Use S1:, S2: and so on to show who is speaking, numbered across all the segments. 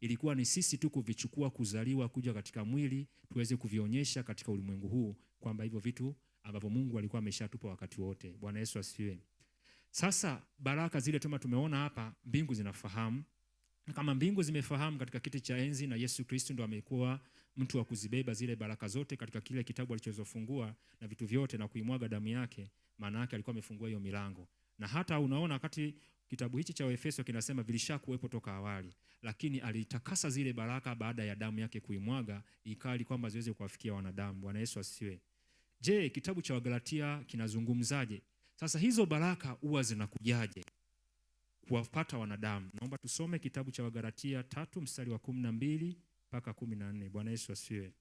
S1: Ilikuwa ni sisi tu kuvichukua, kuzaliwa, kuja katika mwili, tuweze kuvionyesha katika ulimwengu huu kwamba hivyo vitu ambavyo Mungu alikuwa ameshatupa wakati wote. Bwana Yesu asifiwe. Sasa baraka zile tuma tumeona hapa, mbingu zinafahamu kama mbingu zimefahamu katika kiti cha enzi, na Yesu Kristo ndo amekuwa mtu wa kuzibeba zile baraka zote katika kile kitabu alichozofungua na vitu vyote na kuimwaga damu yake, maana yake alikuwa amefungua hiyo milango. Na hata unaona wakati kitabu hichi cha Waefeso kinasema vilishakuwepo toka awali, lakini alitakasa zile baraka baada ya damu yake kuimwaga, ikali kwamba ziweze kuwafikia wanadamu. Bwana Yesu asiwe. Je, kitabu cha Wagalatia kinazungumzaje? Sasa hizo baraka huwa zinakujaje kuwapata wanadamu? Naomba tusome kitabu cha Wagalatia tatu mstari wa kumi na mbili mpaka kumi na nne. Bwana Yesu asiwe.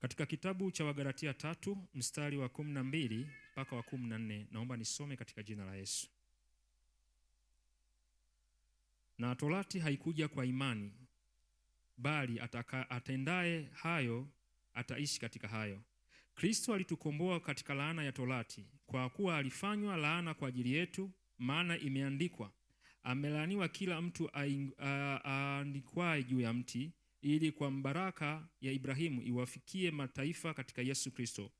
S1: Katika kitabu cha Wagalatia tatu mstari wa kumi na mbili mpaka wa kumi na nne naomba nisome katika jina la Yesu. Na torati haikuja kwa imani, bali ataka, atendaye hayo ataishi katika hayo. Kristo alitukomboa katika laana ya torati, kwa kuwa alifanywa laana kwa ajili yetu, maana imeandikwa, amelaaniwa kila mtu aandikwaye juu ya mti, ili kwa mbaraka ya Ibrahimu iwafikie mataifa katika Yesu Kristo.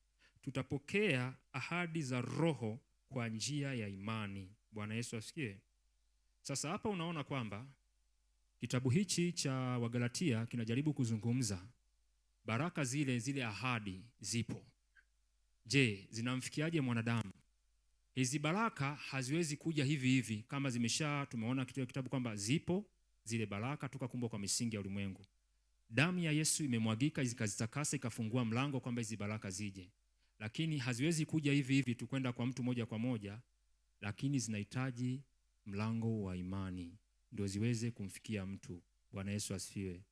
S1: Tutapokea ahadi za Roho kwa njia ya imani. Bwana Yesu asikie. Sasa hapa unaona kwamba kitabu hichi cha Wagalatia kinajaribu kuzungumza baraka zile zile, ahadi zipo. Je, zinamfikiaje mwanadamu? Hizi baraka haziwezi kuja hivi hivi kama zimesha, tumeona kitabu kwamba zipo zile baraka, tukakumbwa kwa misingi ya ulimwengu. Damu ya Yesu imemwagika zikazitakasa ikafungua mlango kwamba hizi baraka zije, lakini haziwezi kuja hivi hivi tu kwenda kwa mtu moja kwa moja, lakini zinahitaji mlango wa imani ndio ziweze kumfikia mtu. Bwana Yesu asifiwe.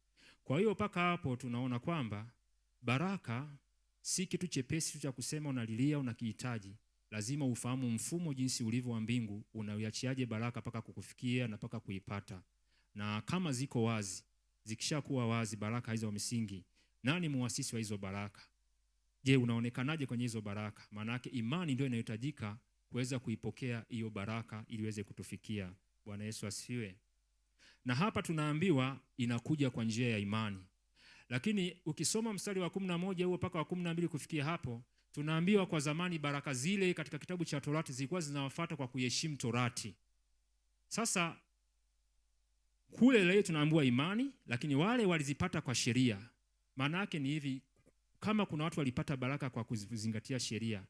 S1: Kwa hiyo mpaka hapo tunaona kwamba baraka si kitu chepesi tu cha kusema unalilia unakihitaji. Lazima ufahamu mfumo jinsi ulivyo wa mbingu, unaiachiaje baraka mpaka kukufikia na mpaka kuipata, na kama ziko wazi zikishakuwa wazi baraka hizo msingi, nani muasisi wa hizo baraka? Je, unaonekanaje kwenye hizo baraka? Maana imani ndio inayohitajika kuweza kuipokea hiyo baraka ili iweze kutufikia. Bwana Yesu asifiwe. Na hapa tunaambiwa inakuja kwa njia ya imani, lakini ukisoma mstari wa kumi na moja huo mpaka wa kumi na mbili kufikia hapo tunaambiwa kwa zamani baraka zile katika kitabu cha Torati zilikuwa zinawafata kwa kuheshimu Torati. Sasa kule leo tunaambiwa imani, lakini wale walizipata kwa sheria. Maana yake ni hivi, kama kuna watu walipata baraka kwa kuzingatia sheria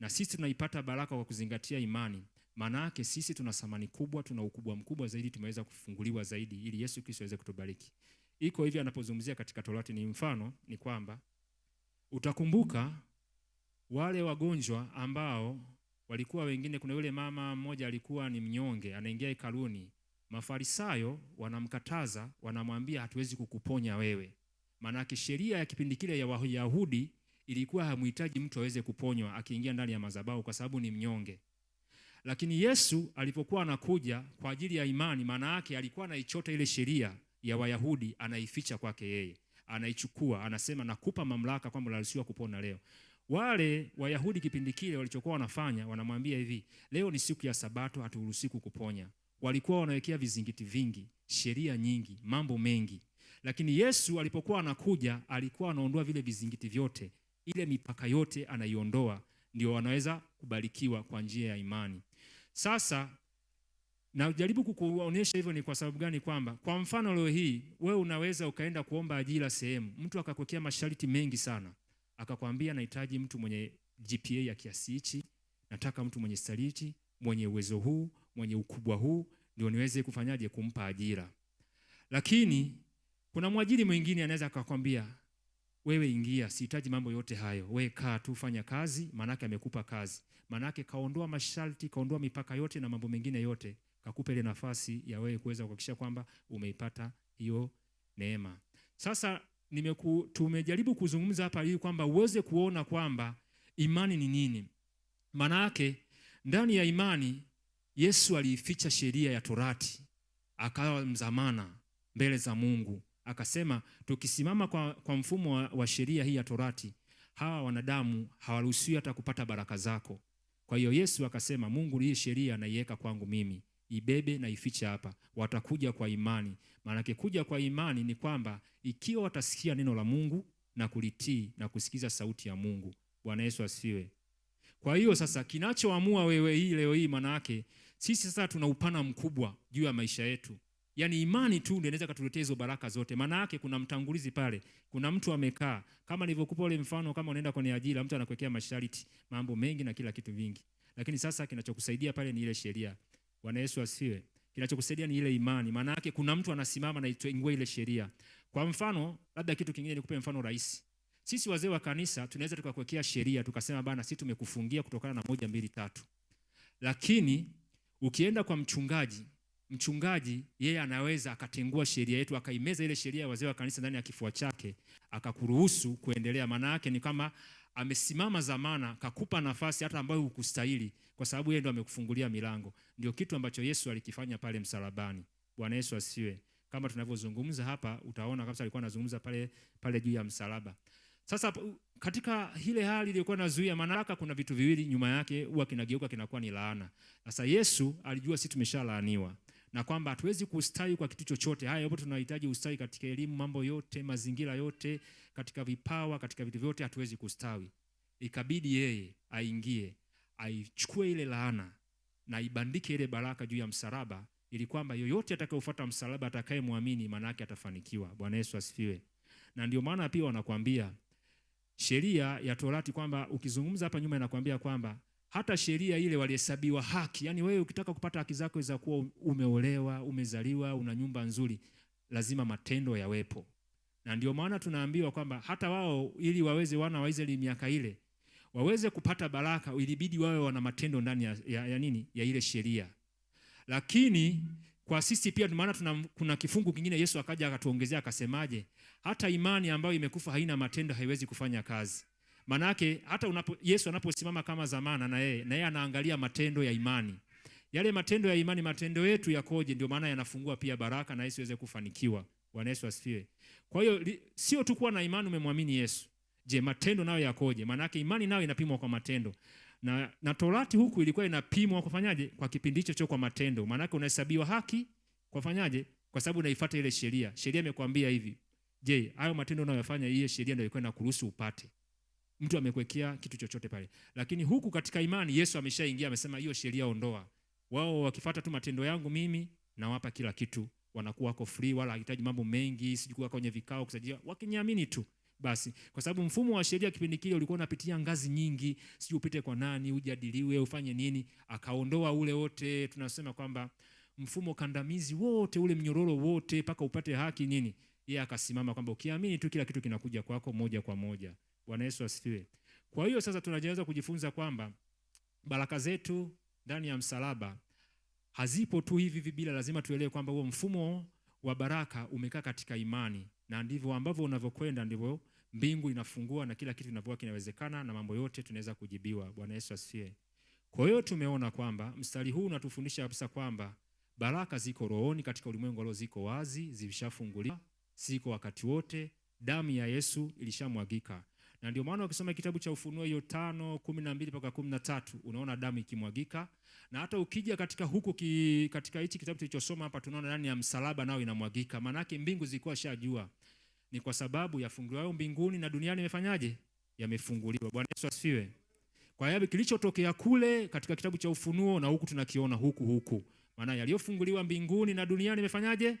S1: na sisi tunaipata baraka kwa kuzingatia imani, maana yake sisi tuna thamani kubwa, tuna ukubwa mkubwa zaidi, tumeweza kufunguliwa zaidi ili Yesu Kristo aweze kutubariki. Iko hivi, anapozungumzia katika Torati ni mfano, ni kwamba utakumbuka wale wagonjwa ambao walikuwa wengine. Kuna yule mama mmoja alikuwa ni mnyonge, anaingia hekaluni Mafarisayo wanamkataza, wanamwambia hatuwezi kukuponya wewe. Maanake sheria ya kipindi kile ya Wayahudi ilikuwa hamhitaji mtu aweze kuponywa akiingia ndani ya madhabahu kwa sababu ni mnyonge. Lakini Yesu alipokuwa anakuja kwa ajili ya imani, maana yake alikuwa anaichota ile sheria ya Wayahudi, anaificha kwake yeye, anaichukua, anasema nakupa mamlaka kwamba unaruhusiwa kupona leo. Wale Wayahudi kipindi kile walichokuwa wanafanya, wanamwambia hivi, leo ni siku ya Sabato, haturuhusiwi kuponya walikuwa wanawekea vizingiti vingi, sheria nyingi, mambo mengi, lakini Yesu alipokuwa anakuja alikuwa anaondoa vile vizingiti vyote, ile mipaka yote anaiondoa, ndio wanaweza kubarikiwa kwa njia ya imani. Sasa najaribu kukuonyesha hivyo ni kwa sababu gani? Kwamba kwa mfano leo hii wewe unaweza ukaenda kuomba ajira sehemu, mtu akakwekea masharti mengi sana, akakwambia nahitaji mtu mwenye GPA ya kiasi hichi, nataka mtu mwenye stariti mwenye uwezo huu, mwenye ukubwa huu ndio niweze kufanyaje kumpa ajira. Lakini kuna mwajiri mwingine anaweza akakwambia wewe ingia, sihitaji mambo yote hayo, we kaa tu, fanya kazi, maanake amekupa kazi, maanake kaondoa masharti, kaondoa mipaka yote na mambo mengine yote, kakupe ile nafasi ya wewe kuweza kuhakikisha kwamba umeipata hiyo neema. Sasa nimeku, tumejaribu kuzungumza hapa ili kwamba uweze kuona kwamba imani ni nini, maanake ndani ya imani Yesu aliificha sheria ya Torati, akawa mzamana mbele za Mungu, akasema tukisimama kwa, kwa mfumo wa, wa sheria hii ya Torati, hawa wanadamu hawaruhusiwi hata kupata baraka zako. Kwa hiyo Yesu akasema, Mungu, hii sheria naiweka kwangu mimi, ibebe na ifiche hapa, watakuja kwa imani. Maanake kuja kwa imani ni kwamba ikiwa watasikia neno la Mungu na kulitii na kusikiza sauti ya Mungu. Bwana Yesu asifiwe. Kwa hiyo sasa, kinachoamua wewe hii leo hii, maana yake sisi sasa tuna upana mkubwa juu ya maisha yetu, yaani imani tu ndio inaweza katuletea hizo baraka zote. Maana yake kuna mtangulizi pale, kuna mtu amekaa, kama nilivyokupa ule mfano, kama unaenda kwenye ajira, mtu anakuwekea masharti, mambo mengi na kila kitu vingi, lakini sasa kinachokusaidia pale ni ile sheria. Bwana Yesu asiwe Kinachokusaidia ni ile imani, maana yake kuna mtu anasimama na itoingue ile sheria. Kwa mfano, labda kitu kingine nikupe mfano rahisi sisi wazee wa kanisa tunaweza tukakuwekea sheria tukasema, bana, sisi tumekufungia kutokana na moja mbili tatu, lakini Ukienda kwa mchungaji, mchungaji yeye anaweza akatengua sheria yetu akaimeza ile sheria ya wazee wa kanisa ndani ya kifua chake akakuruhusu kuendelea. Maana yake ni kama amesimama zamana, kakupa nafasi hata ambayo hukustahili, kwa sababu yeye ndo amekufungulia milango. Ndio kitu ambacho Yesu alikifanya pale msalabani. Bwana Yesu asiwe kama tunavyozungumza hapa, utaona kabisa alikuwa anazungumza pale pale juu ya msalaba. Sasa katika ile hali iliyokuwa inazuia manaraka kuna vitu viwili nyuma yake huwa kinageuka kinakuwa ni laana. Sasa Yesu alijua sisi tumeshalaaniwa na kwamba hatuwezi kustawi kwa kitu chochote. Haya yote tunahitaji ustawi katika elimu, mambo yote, mazingira yote, katika vipawa, katika vitu vyote hatuwezi kustawi. Ikabidi yeye aingie, aichukue ile laana na ibandike ile baraka juu ya msalaba, ili kwamba yoyote atakayofuata msalaba, atakayemwamini, maana yake atafanikiwa. Bwana Yesu asifiwe. Na ndio maana pia wanakuambia sheria ya Torati kwamba ukizungumza hapa nyuma inakwambia kwamba hata sheria ile walihesabiwa haki. Yaani wewe ukitaka kupata haki zako za kuwa umeolewa, umezaliwa, una nyumba nzuri, lazima matendo yawepo. Na ndio maana tunaambiwa kwamba hata wao ili waweze wana wa Israeli miaka ile waweze kupata baraka ilibidi wawe wana matendo ndani ya, ya, ya nini ya ile sheria. Lakini kwa sisi pia maana kuna kifungu kingine Yesu akaja akatuongezea akasemaje, hata imani ambayo imekufa haina matendo haiwezi kufanya kazi. Manake hata unapo, Yesu anaposimama kama zamana na yeye na yeye anaangalia matendo ya imani yale matendo ya imani, matendo yetu yakoje? Ndio maana yanafungua pia baraka na Yesu iweze kufanikiwa. Bwana Yesu asifiwe. Kwa hiyo sio tu kuwa na imani umemwamini Yesu. Je, matendo nayo yakoje? Maanake imani nayo inapimwa kwa matendo na, na torati huku ilikuwa inapimwa kufanyaje? Kwa kipindi hicho cho kwa matendo, maanake unahesabiwa haki kwa fanyaje? Kwa sababu unaifuata ile sheria. Sheria imekwambia hivi. Je, hayo matendo unayofanya hiyo sheria ndio ilikuwa inakuruhusu upate? Mtu amekuwekea kitu chochote pale, lakini huku katika imani Yesu ameshaingia, amesema hiyo sheria ondoa. Wao wakifata tu matendo yangu, mimi nawapa kila kitu, wanakuwa wako free, wala hahitaji mambo mengi, sijui kwenye vikao kusajiliwa, wakiniamini tu basi kwa sababu mfumo wa sheria kipindi kile ulikuwa unapitia ngazi nyingi, sijui upite kwa nani, ujadiliwe, ufanye nini, akaondoa ule wote. Tunasema kwamba mfumo kandamizi wote ule, mnyororo wote, mpaka upate haki nini, yeye akasimama kwamba ukiamini tu kila kitu kinakuja kwako moja kwa moja. Bwana Yesu asifiwe. Kwa hiyo sasa tunajaweza kujifunza kwamba baraka zetu ndani ya msalaba hazipo tu hivi hivi bila, lazima tuelewe kwamba huo mfumo wa baraka umekaa katika imani, na ndivyo ambavyo unavyokwenda ndivyo mbingu inafungua na kila kitu kinavyokuwa kinawezekana na mambo yote tunaweza kujibiwa. Bwana Yesu asifiwe. Kwa hiyo tumeona kwamba mstari huu unatufundisha kabisa kwamba baraka ziko rohoni katika ulimwengu ambao ziko wazi, zilishafunguliwa, ziko wakati wote, damu ya Yesu ilishamwagika. Na ndio maana ukisoma kitabu cha Ufunuo hiyo 5:12 kumi na mpaka kumi unaona damu ikimwagika, na hata ukija katika huku ki, katika hichi kitabu tulichosoma hapa tunaona ndani ya msalaba nao inamwagika. Maana yake mbingu zilikuwa shajua ni kwa sababu yafunguliwayo mbinguni na duniani imefanyaje? Yamefunguliwa. Bwana Yesu asifiwe. Kwa hiyo kilichotokea kule katika kitabu cha Ufunuo na huku tunakiona huku huku, maana yaliyofunguliwa mbinguni na duniani imefanyaje?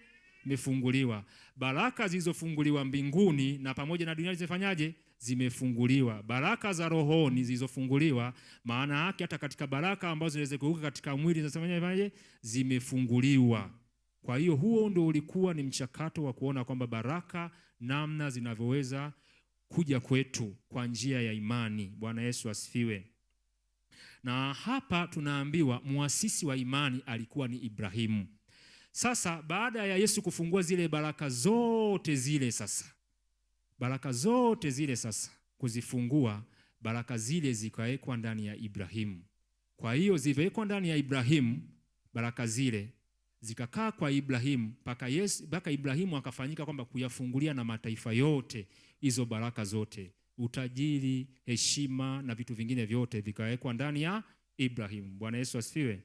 S1: Imefunguliwa. Baraka zilizofunguliwa mbinguni na pamoja na duniani zimefanyaje? Zimefunguliwa. Baraka za rohoni zilizofunguliwa, maana yake hata katika baraka ambazo zinaweza kuuka katika mwili zinasemaje? Zimefunguliwa. Kwa hiyo huo ndio ulikuwa ni mchakato wa kuona kwamba baraka namna zinavyoweza kuja kwetu kwa njia ya imani. Bwana Yesu asifiwe. Na hapa tunaambiwa muasisi wa imani alikuwa ni Ibrahimu. Sasa baada ya Yesu kufungua zile baraka zote zile sasa baraka zote zile sasa kuzifungua baraka zile zikawekwa ndani ya Ibrahimu. Kwa hiyo zilivyowekwa ndani ya Ibrahimu baraka zile zikakaa kwa Ibrahimu mpaka Yesu mpaka Ibrahimu akafanyika kwamba kuyafungulia na mataifa yote hizo baraka zote, utajiri, heshima na vitu vingine vyote vikawekwa ndani ya Ibrahimu. Bwana Yesu asifiwe.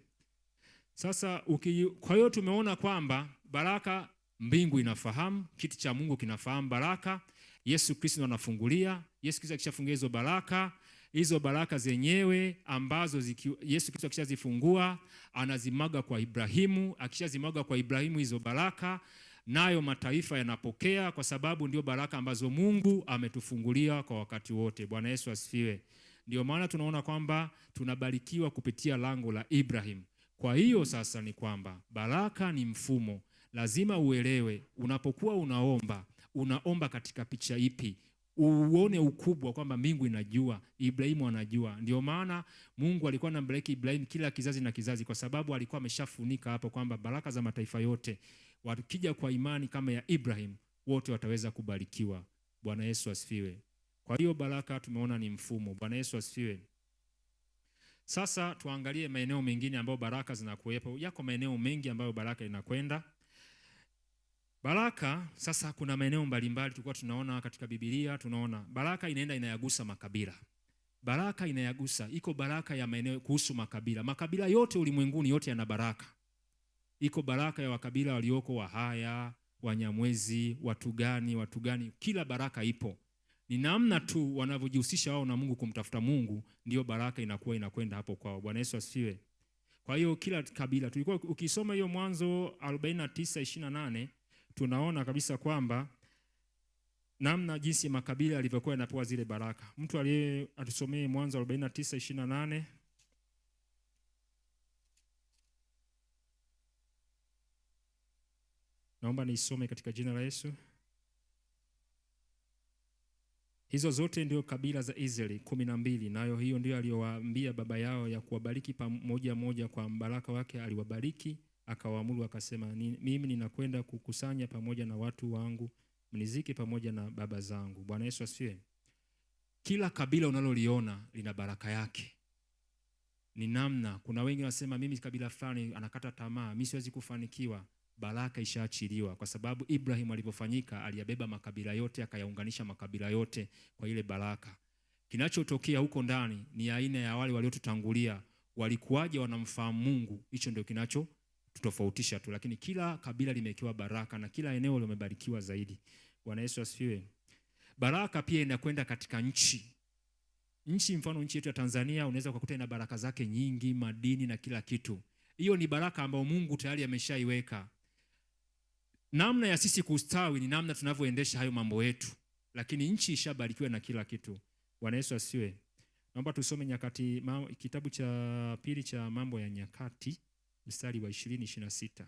S1: Sasa uki, kwa hiyo tumeona kwamba baraka mbingu inafahamu, kiti cha Mungu kinafahamu baraka. Yesu Kristo anafungulia. Yesu Kristo akishafungua hizo baraka hizo baraka zenyewe ambazo ziki, Yesu Kristo akishazifungua anazimaga kwa Ibrahimu. akishazimaga kwa Ibrahimu hizo baraka, nayo mataifa yanapokea, kwa sababu ndio baraka ambazo Mungu ametufungulia kwa wakati wote. Bwana Yesu asifiwe. Ndio maana tunaona kwamba tunabarikiwa kupitia lango la Ibrahimu. Kwa hiyo sasa ni kwamba baraka ni mfumo, lazima uelewe unapokuwa unaomba unaomba katika picha ipi? uone ukubwa kwamba mbingu inajua, Ibrahimu anajua. Ndio maana Mungu alikuwa anambariki Ibrahimu kila kizazi na kizazi, kwa sababu alikuwa ameshafunika hapo kwamba baraka za mataifa yote wakija kwa imani kama ya Ibrahimu wote wataweza kubarikiwa. Bwana Yesu asifiwe. Kwa hiyo baraka tumeona ni mfumo. Bwana Yesu asifiwe. Sasa tuangalie maeneo mengine ambayo baraka zinakuwepo. Yako maeneo mengi ambayo baraka inakwenda Baraka sasa, kuna maeneo mbalimbali tulikuwa tunaona katika Biblia, tunaona baraka inaenda inayagusa makabila. Baraka inayagusa, iko baraka ya maeneo kuhusu makabila. Makabila yote ulimwenguni yote yana baraka. Iko baraka ya wakabila walioko Wahaya, Wanyamwezi, watu gani, watu gani, kila baraka ipo. Ni namna tu wanavyojihusisha wao na Mungu, kumtafuta Mungu, ndiyo baraka inakuwa inakwenda hapo kwao. Bwana Yesu asifiwe. Kwa hiyo kila kabila tulikuwa ukisoma hiyo Mwanzo 49:28 tunaona kabisa kwamba namna jinsi makabila yalivyokuwa yanapewa zile baraka. Mtu aliye atusomee Mwanzo 49:28 Naomba niisome katika jina la Yesu. Hizo zote ndio kabila za Israeli kumi na mbili, nayo hiyo ndio aliyowaambia baba yao ya kuwabariki pamoja moja kwa mbaraka wake aliwabariki akawaamuru akasema, mimi ninakwenda kukusanya pamoja na watu wangu mniziki pamoja na baba zangu. Bwana Yesu asifiwe. Kila kabila unaloliona lina baraka yake, ni namna. Kuna wengi wanasema mimi kabila fulani anakata tamaa, mimi siwezi kufanikiwa. Baraka ishaachiliwa, kwa sababu Ibrahim alivyofanyika aliyabeba makabila yote, akayaunganisha makabila yote kwa ile baraka. Kinachotokea huko ndani ni aina ya wale waliotutangulia, walikuwaje? Wanamfahamu Mungu, hicho ndio kinacho tutofautisha tu, lakini kila kabila limewekewa baraka na kila eneo limebarikiwa zaidi. Bwana Yesu asifiwe. Baraka pia inakwenda katika nchi nchi. Mfano nchi yetu ya Tanzania unaweza kukuta ina baraka zake nyingi, madini na kila kitu. Hiyo ni baraka ambayo Mungu tayari ameshaiweka. Namna ya sisi kustawi ni namna tunavyoendesha hayo mambo yetu, lakini nchi ishabarikiwa na kila kitu. Bwana Yesu asifiwe. Naomba tusome nyakati, kitabu cha pili cha Mambo ya Nyakati mstari wa 26.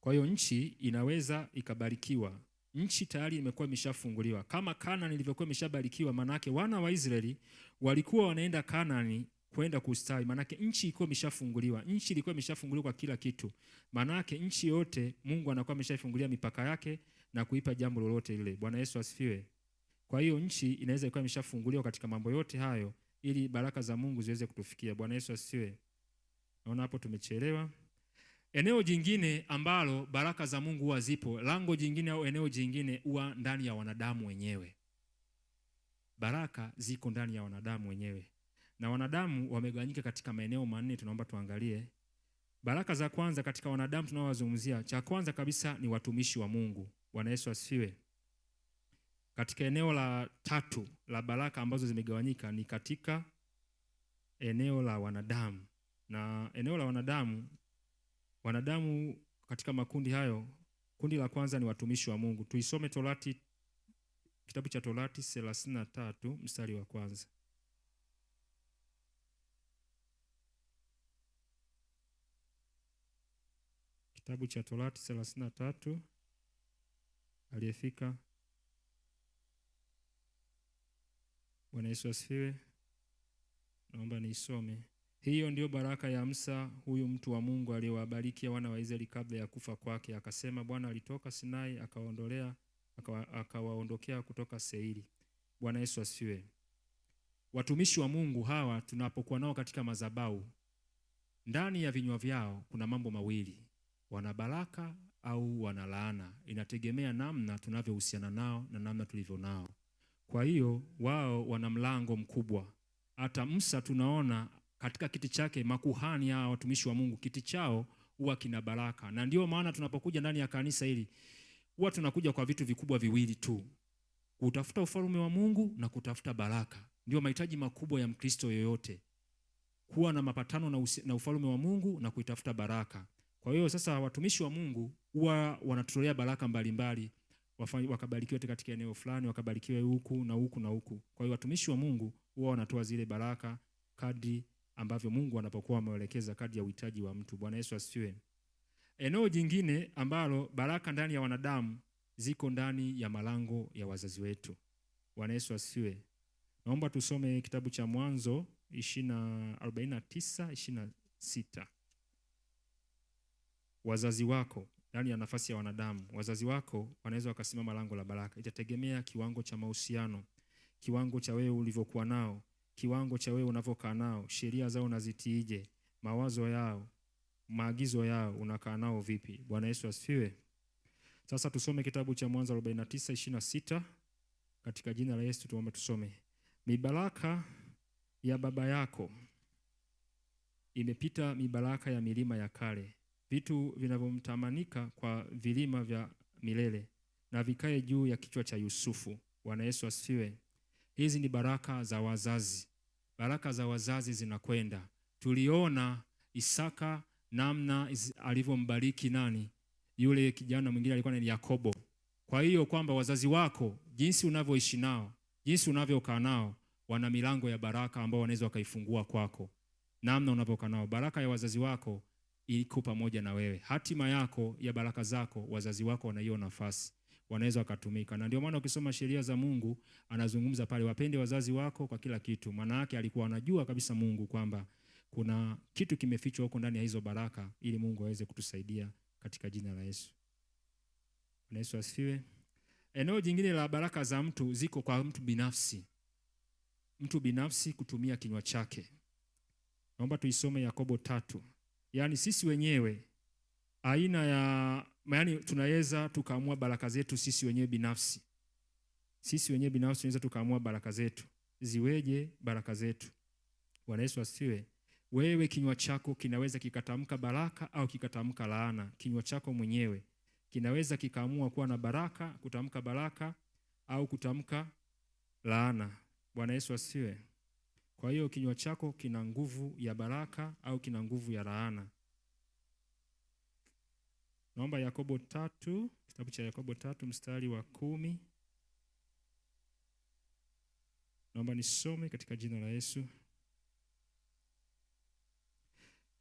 S1: Kwa hiyo nchi inaweza ikabarikiwa. Nchi tayari imekuwa imeshafunguliwa kama kanani ilivyokuwa imeshabarikiwa. Maanake wana wa Israeli walikuwa wanaenda kanani kwenda kustawi. Maanake nchi ilikuwa imeshafunguliwa, nchi ilikuwa imeshafunguliwa kwa kila kitu. Maanake nchi yote Mungu anakuwa ameshafungulia mipaka yake na kuipa jambo lolote lile. Bwana Yesu asifiwe. Kwa hiyo nchi inaweza ikawa imeshafunguliwa katika mambo yote hayo, ili baraka za Mungu ziweze kutufikia. Bwana Yesu asifiwe. Naona hapo tumechelewa. Eneo jingine ambalo baraka za Mungu huwa zipo, lango jingine au eneo jingine, huwa ndani ya wanadamu wenyewe. Baraka ziko ndani ya wanadamu wenyewe na wanadamu wamegawanyika katika maeneo manne, tunaomba tuangalie baraka za kwanza katika wanadamu tunaowazungumzia. Cha kwanza kabisa ni watumishi wa Mungu. Bwana Yesu asifiwe. Katika eneo la tatu la baraka ambazo zimegawanyika ni katika eneo la wanadamu, na eneo la wanadamu, wanadamu katika makundi hayo, kundi la kwanza ni watumishi wa Mungu. Tuisome Torati, kitabu cha Torati 33 mstari wa kwanza. kitabu cha Torati 33 aliyefika. Bwana Yesu asifiwe. Naomba niisome. Hiyo ndiyo baraka ya Musa, huyu mtu wa Mungu aliyowabariki wana wa Israeli kabla ya kufa kwake, akasema, Bwana alitoka Sinai akawaondolea akawaondokea akawa kutoka Seiri. Bwana Yesu asifiwe. Watumishi wa Mungu hawa tunapokuwa nao katika madhabahu, ndani ya vinywa vyao kuna mambo mawili wana baraka au wana laana, inategemea namna tunavyohusiana nao na namna tulivyo nao. Kwa hiyo wao wana mlango mkubwa. Hata Musa tunaona katika kiti chake, makuhani hao watumishi wa Mungu, kiti chao huwa kina baraka, na ndio maana tunapokuja ndani ya kanisa hili huwa tunakuja kwa vitu vikubwa viwili tu, kutafuta ufalme wa Mungu na kutafuta baraka. Ndio mahitaji makubwa ya Mkristo yoyote, kuwa na mapatano na, na ufalme wa Mungu na kuitafuta baraka. Kwa hiyo sasa watumishi wa Mungu huwa wanatutolea baraka mbalimbali, wakabarikiwe katika eneo fulani, wakabarikiwe huku na huku na huku. Kwa hiyo watumishi wa Mungu huwa wanatoa zile baraka kadri ambavyo Mungu anapokuwa ameelekeza, kadri ya uhitaji wa mtu. Bwana Yesu asifiwe. Eneo jingine ambalo baraka ndani ya wanadamu ziko ndani ya malango ya wazazi wetu. Bwana Yesu asifiwe. Naomba tusome kitabu cha Mwanzo 26 wazazi wako ndani ya nafasi ya wanadamu, wazazi wako wanaweza wakasimama lango la baraka. Itategemea kiwango cha mahusiano, kiwango cha wewe ulivyokuwa nao, kiwango cha wewe unavyokaa nao, sheria zao unazitiije, mawazo yao, maagizo yao, unakaa nao vipi? Bwana Yesu asifiwe. Sasa tusome kitabu cha Mwanzo 49:26 katika jina la Yesu tuombe, tusome. Mibaraka ya baba yako imepita mibaraka ya milima ya kale vitu vinavyomtamanika kwa vilima vya milele na vikae juu ya kichwa cha Yusufu. Bwana Yesu asifiwe. Hizi ni baraka za wazazi, baraka za wazazi zinakwenda. Tuliona Isaka namna alivyombariki nani, yule kijana mwingine alikuwa ni Yakobo. Kwa hiyo kwamba wazazi wako, jinsi unavyoishi nao, jinsi unavyokaa nao, wana milango ya baraka ambao wanaweza wakaifungua kwako, namna unavyokaa nao. Baraka ya wazazi wako iko pamoja na wewe. Hatima yako ya baraka zako, wazazi wako hiyo nafasi, wanaweza wakatumika. Na ndio maana ukisoma sheria za Mungu anazungumza pale, wapende wazazi wako kwa kila kitu. Maana yake alikuwa anajua kabisa Mungu kwamba kuna kitu kimefichwa huko ndani ya hizo baraka, ili Mungu aweze kutusaidia katika jina la Yesu. Yesu asifiwe. Eneo jingine la baraka za mtu ziko kwa mtu binafsi, mtu binafsi kutumia kinywa chake. Naomba tuisome Yakobo tatu yaani sisi wenyewe aina ya yaani, tunaweza tukaamua baraka zetu sisi wenyewe binafsi. Sisi wenyewe binafsi tunaweza tukaamua baraka zetu ziweje, baraka zetu. Bwana Yesu asiwe. Wewe kinywa chako kinaweza kikatamka baraka au kikatamka laana. Kinywa chako mwenyewe kinaweza kikaamua kuwa na baraka, kutamka baraka au kutamka laana. Bwana Yesu asiwe. Kwa hiyo kinywa chako kina nguvu ya baraka au kina nguvu ya laana? Naomba Yakobo tatu, kitabu cha Yakobo tatu mstari wa kumi. Naomba nisome katika jina la Yesu.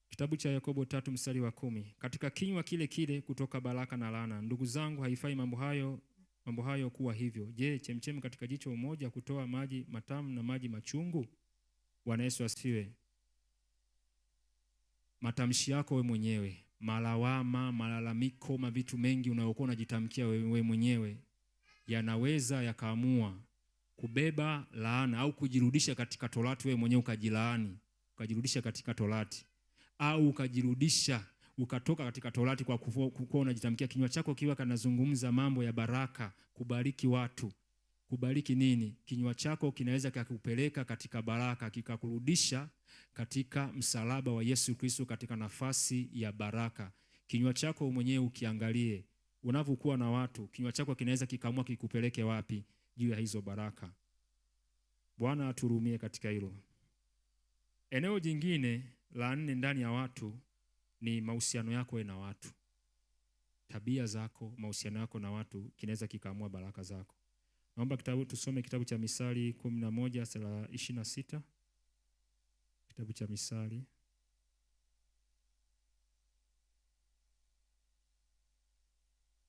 S1: Kitabu cha Yakobo tatu mstari wa kumi. Katika kinywa kile kile kutoka baraka na laana. Ndugu zangu, haifai mambo hayo mambo hayo kuwa hivyo. Je, chemchemi katika jicho umoja kutoa maji matamu na maji machungu? Bwana Yesu asifiwe. Matamshi yako wewe mwenyewe, malawama, malalamiko, mavitu mengi unayokuwa unajitamkia wewe mwenyewe yanaweza yakaamua kubeba laana au kujirudisha katika torati. Wewe mwenyewe ukajilaani, ukajirudisha katika torati, au ukajirudisha ukatoka katika torati kwa kuwa unajitamkia, kinywa chako kiwa kanazungumza mambo ya baraka, kubariki watu, kubariki nini? Kinywa chako kinaweza kikakupeleka katika baraka, kikakurudisha katika msalaba wa Yesu Kristo, katika nafasi ya baraka. Kinywa chako mwenyewe ukiangalie unavyokuwa na watu, kinywa chako kinaweza kikaamua kikupeleke wapi juu ya hizo baraka. Bwana aturumie katika hilo. Eneo jingine la nne ndani ya watu ni mahusiano yako na watu, tabia zako, mahusiano yako na watu kinaweza kikaamua baraka zako. Naomba kitabu tusome kitabu cha Misali 11 sura sita Kitabu cha Misali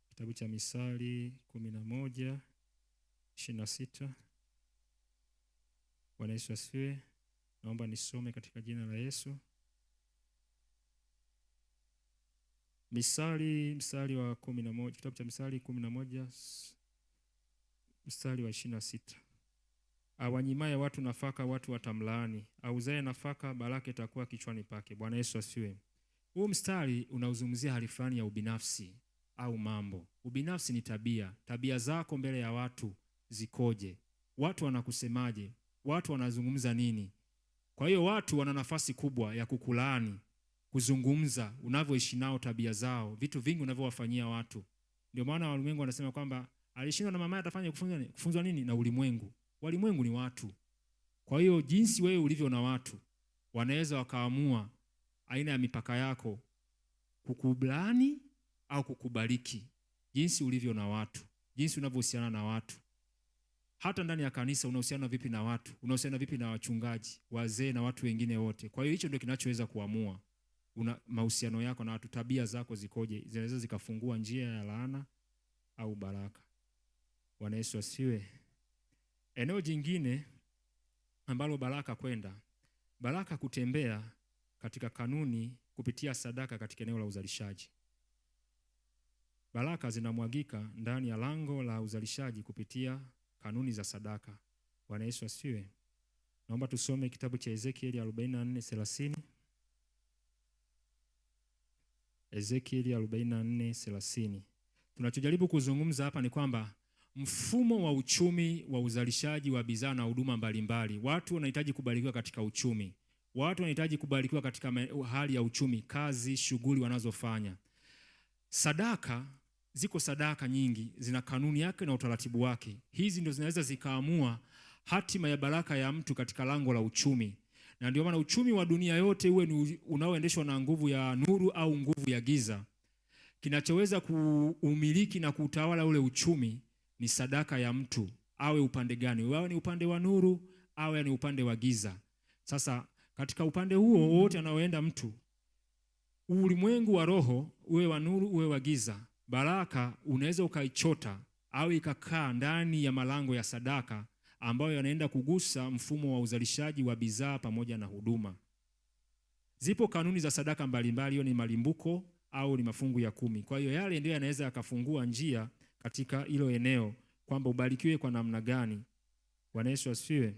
S1: kitabu cha Misali 11 26. Bwana Yesu asifiwe. Naomba nisome katika jina la Yesu. Misali Misali wa 11, kitabu cha Misali moja mstari wa ishirini na sita awanyimaye watu nafaka watu watamlaani, auzae nafaka baraka itakuwa kichwani pake. Bwana Yesu asiwe. Huu mstari unauzungumzia hali fulani ya ubinafsi au mambo. Ubinafsi ni tabia, tabia zako mbele ya watu zikoje? Watu wanakusemaje? Watu wanazungumza nini? Kwa hiyo watu wana nafasi kubwa ya kukulaani, kuzungumza unavyoishi nao, tabia zao, vitu vingi unavyowafanyia watu. Ndio maana walimwengu wanasema kwamba alishindwa na mama yake atafanya kufunzwa nini? Kufunzwa nini na ulimwengu. Walimwengu ni watu. Kwa hiyo jinsi wewe ulivyo na watu wanaweza wakaamua aina ya mipaka yako kukublani au kukubariki. Jinsi ulivyo na watu, jinsi unavyohusiana na watu. Hata ndani ya kanisa unahusiana vipi na watu? Unahusiana vipi na wachungaji, wazee na watu wengine wote? Kwa hiyo hicho ndio kinachoweza kuamua una mahusiano yako na watu, tabia zako zikoje, zinaweza zikafungua njia ya laana au baraka. Bwana Yesu asiwe. Eneo jingine ambalo baraka kwenda, baraka kutembea katika kanuni kupitia sadaka katika eneo la uzalishaji. Baraka zinamwagika ndani ya lango la uzalishaji kupitia kanuni za sadaka. Bwana Yesu asiwe. Naomba tusome kitabu cha Ezekieli 44:30. Ezekieli 44:30. Tunachojaribu kuzungumza hapa ni kwamba mfumo wa uchumi wa uzalishaji wa bidhaa na huduma mbalimbali. Watu wanahitaji kubarikiwa katika uchumi, watu wanahitaji kubarikiwa katika hali ya uchumi, kazi, shughuli wanazofanya. Sadaka, ziko sadaka nyingi, zina kanuni yake na utaratibu wake. Hizi ndio zinaweza zikaamua hatima ya baraka ya mtu katika lango la uchumi, na ndio maana uchumi wa dunia yote uwe ni unaoendeshwa na nguvu ya nuru au nguvu ya giza, kinachoweza kuumiliki na kuutawala ule uchumi ni sadaka ya mtu, awe upande gani, awe ni upande wa nuru, awe ni upande wa giza. Sasa katika upande huo wote anaoenda mtu, ulimwengu wa roho, uwe wa nuru, uwe wa giza, baraka unaweza ukaichota au ikakaa ndani ya malango ya sadaka ambayo yanaenda kugusa mfumo wa uzalishaji wa bidhaa pamoja na huduma. Zipo kanuni za sadaka mbalimbali, hiyo ni malimbuko au ni mafungu ya kumi. Kwa hiyo yale ndiyo yanaweza yakafungua njia katika hilo eneo kwamba ubarikiwe kwa namna gani. Bwana Yesu asifiwe.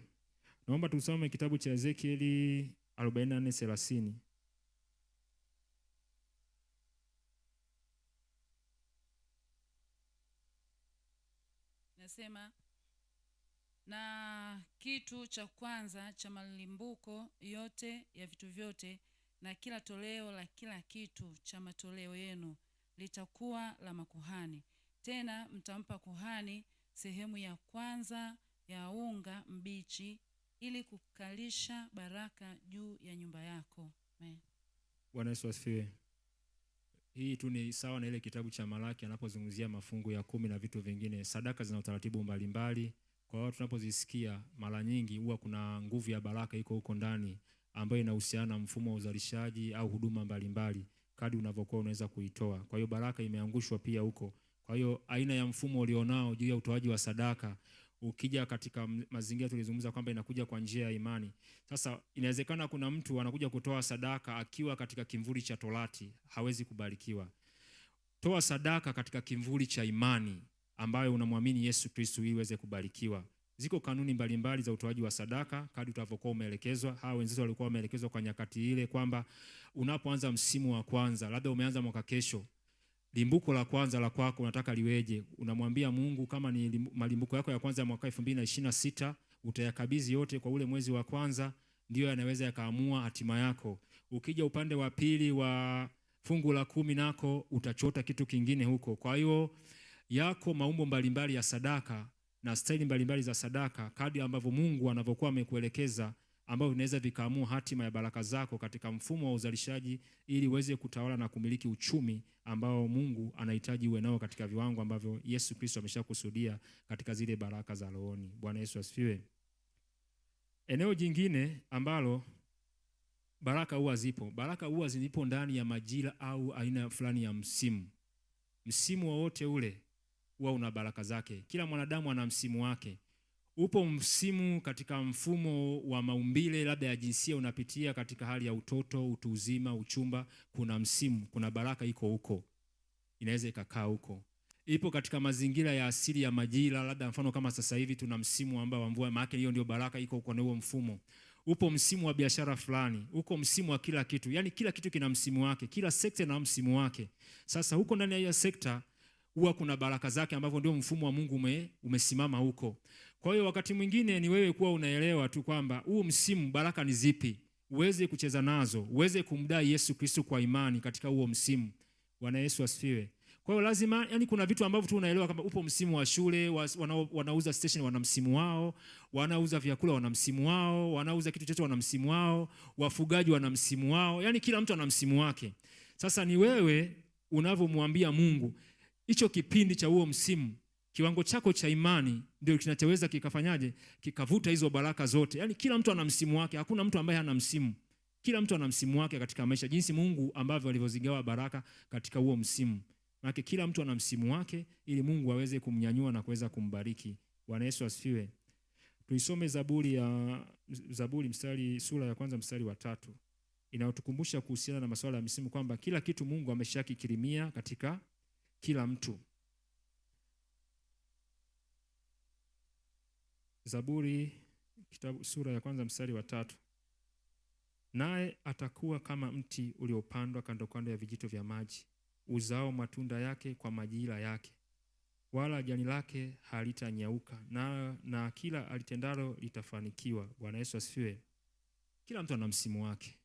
S1: Naomba tusome kitabu cha Ezekieli 44:30.
S2: Nasema na kitu cha kwanza cha malimbuko yote ya vitu vyote na kila toleo la kila kitu cha matoleo yenu litakuwa la makuhani tena mtampa kuhani sehemu ya kwanza ya unga mbichi ili kukalisha baraka juu ya nyumba yako.
S1: Bwana Yesu asifiwe. Hii tu ni sawa na ile kitabu cha Malaki anapozungumzia mafungu ya kumi na vitu vingine. Sadaka zina utaratibu mbalimbali, kwa hiyo tunapozisikia mara nyingi huwa kuna nguvu ya baraka iko huko ndani ambayo inahusiana na mfumo wa uzalishaji au huduma mbalimbali, kadi unavyokuwa unaweza kuitoa. Kwa hiyo baraka imeangushwa pia huko kwa hiyo aina ya mfumo ulionao juu ya utoaji wa sadaka ukija katika mazingira tulizungumza kwamba inakuja kwa njia ya imani. Sasa inawezekana kuna mtu anakuja kutoa sadaka akiwa katika kimvuli cha torati, hawezi kubarikiwa. Toa sadaka katika kimvuli cha imani ambayo unamwamini Yesu Kristo ili uweze kubarikiwa. Ziko kanuni mbalimbali mbali za utoaji wa sadaka kadri utavyokuwa umeelekezwa. Hawa wenzetu walikuwa wameelekezwa kwa nyakati ile kwamba unapoanza msimu wa kwanza, labda umeanza mwaka kesho limbuko la kwanza la kwako unataka liweje? Unamwambia Mungu kama ni malimbuko yako ya kwanza ya mwaka 2026 utayakabidhi yote kwa ule mwezi wa kwanza, ndiyo yanaweza yakaamua hatima yako. Ukija upande wa pili wa fungu la kumi, nako utachota kitu kingine huko. Kwa hiyo yako maumbo mbalimbali ya sadaka na staili mbalimbali za sadaka, kadri ambavyo Mungu anavyokuwa amekuelekeza ambavyo vinaweza vikaamua hatima ya baraka zako katika mfumo wa uzalishaji ili uweze kutawala na kumiliki uchumi ambao Mungu anahitaji uwe nao katika viwango ambavyo Yesu Kristo ameshakusudia katika zile baraka za rohoni. Bwana Yesu asifiwe. Eneo jingine ambalo baraka huwa zipo, baraka huwa zipo ndani ya majira au aina fulani ya msimu. Msimu wowote ule huwa una baraka zake. Kila mwanadamu ana msimu wake. Upo msimu katika mfumo wa maumbile labda ya jinsia, unapitia katika hali ya utoto, utu uzima, uchumba. Kuna msimu, kuna baraka iko huko, inaweza ikakaa huko. Ipo katika mazingira ya asili ya majira, labda mfano kama sasa hivi tuna msimu ambao mvua, maana hiyo ndio baraka iko huko na huo mfumo. Upo msimu wa biashara fulani, uko msimu wa kila kitu, yaani kila kitu kina msimu wake, kila sekta na msimu wake. Sasa huko ndani ya hiyo sekta huwa kuna baraka zake, ambavyo ndio mfumo wa Mungu ume, umesimama huko. Kwa hiyo wakati mwingine ni wewe kuwa unaelewa tu kwamba huu msimu baraka ni zipi uweze kucheza nazo, uweze kumdai Yesu Kristo kwa imani katika huo msimu. Bwana Yesu asifiwe. Kwa hiyo lazima, yani kuna vitu ambavyo tu unaelewa kama upo msimu wa shule, wana, wanauza station wana msimu wao, wanauza vyakula wana msimu wao, wanauza kitu chochote wana msimu wao, wafugaji wana msimu wao. Yani kila mtu ana msimu wake. Sasa ni wewe unavyomwambia Mungu hicho kipindi cha huo msimu Kiwango chako cha imani ndio kinachoweza kikafanyaje, kikavuta hizo baraka zote. Yaani kila mtu ana msimu wake, hakuna mtu ambaye hana msimu. Kila mtu ana msimu wake katika maisha, jinsi Mungu ambavyo alivyozigawa baraka katika huo msimu. Maana kila mtu ana msimu wake, ili Mungu aweze kumnyanyua na kuweza kumbariki. Bwana Yesu asifiwe. Tuisome Zaburi ya Zaburi mstari sura ya kwanza mstari wa tatu inayotukumbusha kuhusiana na masuala ya msimu kwamba kila kitu Mungu ameshakikirimia katika kila mtu. Zaburi kitabu sura ya kwanza mstari wa tatu naye atakuwa kama mti uliopandwa kando kando ya vijito vya maji, uzao matunda yake kwa majira yake, wala jani lake halitanyauka, na, na kila alitendalo litafanikiwa. Bwana Yesu asifiwe. Kila mtu ana msimu wake.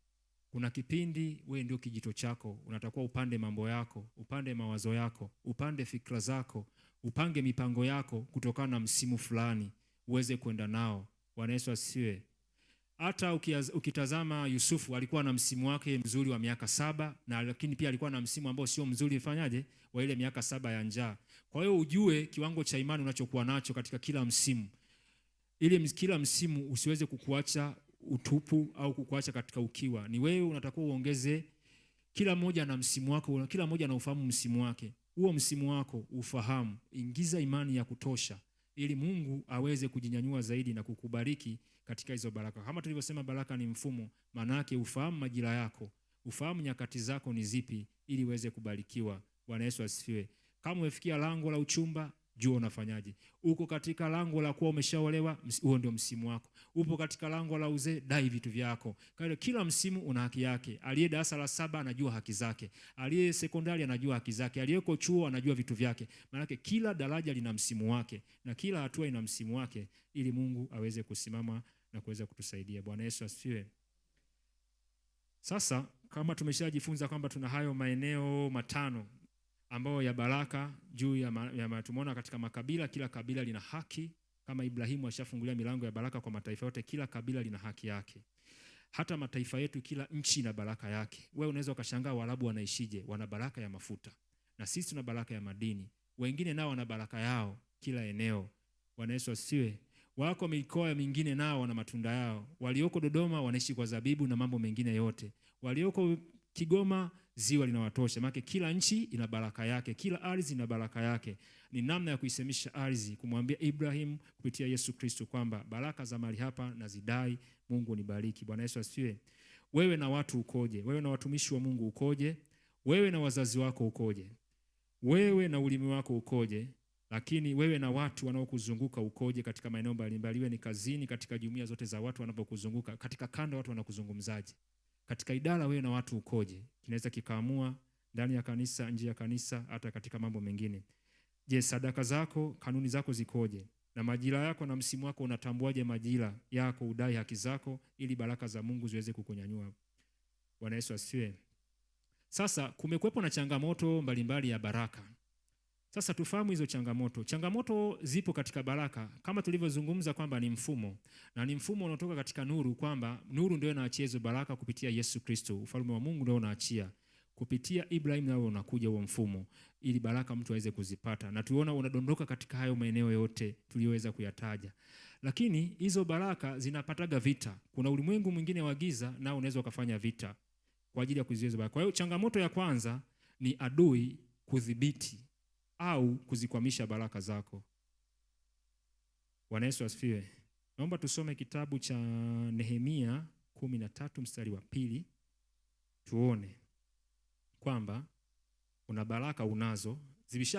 S1: Kuna kipindi wewe ndio kijito chako, unatakuwa upande mambo yako, upande mawazo yako, upande fikra zako, upange mipango yako kutokana na msimu fulani uweze kwenda nao. Bwana Yesu asiwe. Hata ukitazama Yusufu alikuwa na msimu wake mzuri wa miaka saba na lakini pia alikuwa na msimu ambao sio mzuri fanyaje, wa ile miaka saba ya njaa. Kwa hiyo ujue kiwango cha imani unachokuwa nacho katika kila msimu, ili kila msimu usiweze kukuacha utupu au kukuacha katika ukiwa. Ni wewe unatakiwa uongeze. Kila mmoja na msimu wako, kila mmoja na ufahamu msimu wake. Huo msimu wako ufahamu, ingiza imani ya kutosha ili Mungu aweze kujinyanyua zaidi na kukubariki katika hizo baraka. Kama tulivyosema, baraka ni mfumo, yake ufahamu majira yako, ufahamu nyakati zako ni zipi, ili uweze kubarikiwa. Bwana Yesu asifiwe. Kama umefikia lango la uchumba jua unafanyaje. Uko katika lango la kuwa umeshaolewa, huo ndio msimu wako. Upo katika lango la uzee, dai vitu vyako. Kwa hiyo kila msimu una haki yake. Aliye darasa la saba anajua haki zake, aliye sekondari anajua haki zake, aliyeko chuo anajua vitu vyake. Maanake kila daraja lina msimu wake na kila hatua ina msimu wake, ili Mungu aweze kusimama na kuweza kutusaidia. Bwana Yesu asifiwe. Sasa kama tumeshajifunza kwamba tuna hayo maeneo matano ambayo ya baraka juu ya, ma, ya ma, tumeona katika makabila, kila kabila lina haki kama Ibrahimu ashafungulia milango ya baraka kwa mataifa yote, kila kabila lina haki yake. Hata mataifa yetu, kila nchi ina baraka yake. Wewe unaweza ukashangaa Waarabu wanaishije, wana baraka ya mafuta, na sisi tuna baraka ya madini, wengine nao wana baraka yao, kila eneo. Bwana Yesu asiwe wako mikoa mingine nao wana matunda yao. Walioko Dodoma wanaishi kwa zabibu na mambo mengine yote, walioko Kigoma ziwa linawatosha, maana kila nchi ina baraka yake, kila ardhi ina baraka yake. Ni namna ya kuisemisha ardhi, kumwambia Ibrahim kupitia Yesu Kristo kwamba baraka za mali hapa nazidai, Mungu nibariki. Bwana Yesu asifiwe. Wewe na watu ukoje? Wewe na watumishi wa Mungu ukoje? Wewe na wazazi wako ukoje? Wewe na ulimi wako ukoje? Lakini wewe na watu wanaokuzunguka ukoje katika maeneo mbalimbali, iwe ni kazini, katika jumuiya zote za watu wanapokuzunguka, katika kanda watu wanakuzungumzaje? katika idara wewe na watu ukoje? Kinaweza kikaamua ndani ya kanisa, nje ya kanisa, hata katika mambo mengine. Je, sadaka zako, kanuni zako zikoje? Na majira yako na msimu wako unatambuaje majira yako, udai haki zako ili baraka za Mungu ziweze kukunyanyua. Bwana Yesu asifiwe. Sasa kumekuwepo na changamoto mbalimbali mbali ya baraka. Sasa tufahamu hizo changamoto. Changamoto zipo katika baraka, kama tulivyozungumza kwamba ni mfumo na ni mfumo unaotoka katika nuru, kwamba nuru ndio inaachia hizo baraka kupitia Yesu Kristo. Ufalme wa Mungu ndio unaachia kupitia Ibrahim, nao unakuja huo mfumo, ili baraka mtu aweze kuzipata, na tuona unadondoka katika hayo maeneo yote tuliyoweza kuyataja. Lakini hizo baraka zinapataga vita. Kuna ulimwengu mwingine wa giza, na unaweza ukafanya vita kwa ajili ya kuziweza baraka. Kwa hiyo changamoto ya kwanza ni adui kudhibiti au kuzikwamisha baraka zako. Bwana Yesu asifiwe. Naomba tusome kitabu cha Nehemia kumi na tatu mstari wa pili tuone kwamba una baraka unazo zibisha